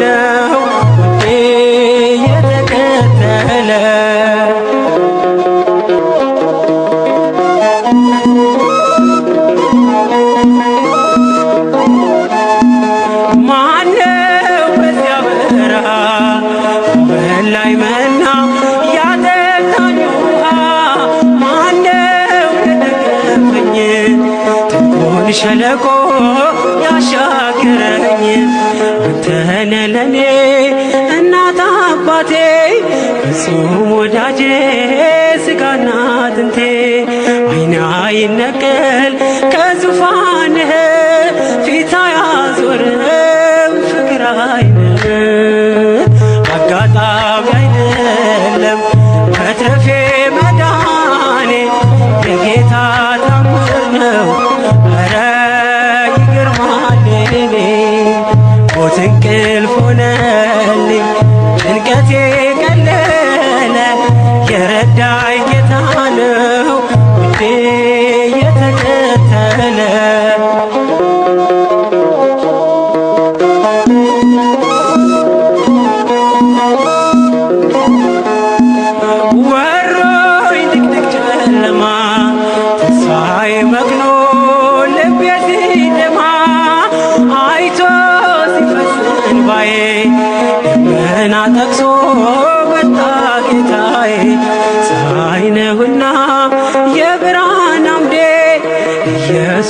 ነው ውዴ የተከተለ ማነው በዚያ መና ያጠጣኝ ውሃ ማነው ሸለቆ ያሻ መከረኝ አንተነ ለኔ እናት አባቴ ፍጹም ወዳጄ ስጋና አጥንቴ አይና ይነቀ ሞት እንቅልፍ ሆነልኝ ጭንቀቴ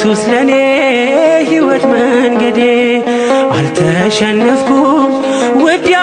ኢየሱስ ለኔ ሕይወት መንገዴ አልተሸነፍኩም ወዲያ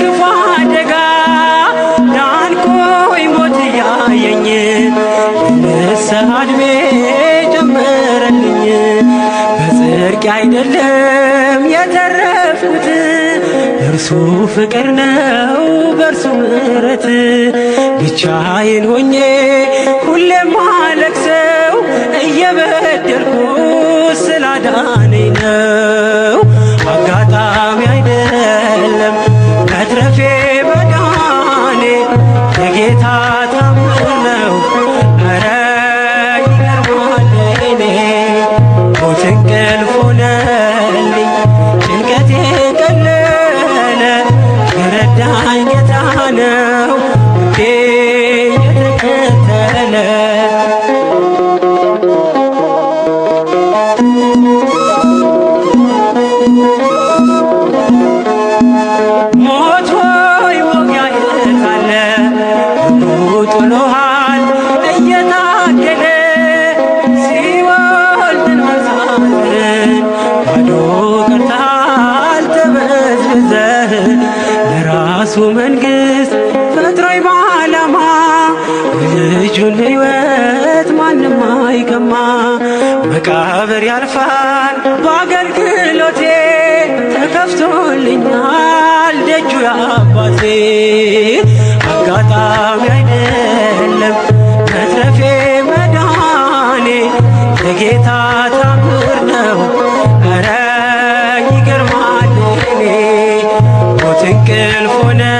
ከክፉ አደጋ ዳንኩኝ ሞት እያየኝ ንስሐ ዕድሜ ጨመረልኝ በጽድቅ አይደለም የተረፍኩት እርሱ ፍቅር ነው በእርሱ ምሕረት ብቻዬን ሆኜ ሁሌም አለቅሰው እየበደልኩ ስላዳነኝ ነው። መትረፌ መዳኔ የጌታ ታምር ነው። እረ ይገርማል ለእኔ ሞት እንቅልፍ ሆነልኝ ጭንቀቴ ቀለለ የረዳኝ ጌታ ነው ውዴ የተከተለ ለራሱ መንግስት ፈጥሮ በዓላማ የልጁን ሕይወት ማንም አይቀማ። መቃብር ያልፋል በአገልግሎቴ ተከፍቶልኛል ደጁ ያባቴ አጋጣሚ አይደለም መትረፌ መዳኔ ለጌታ እንቅልፉን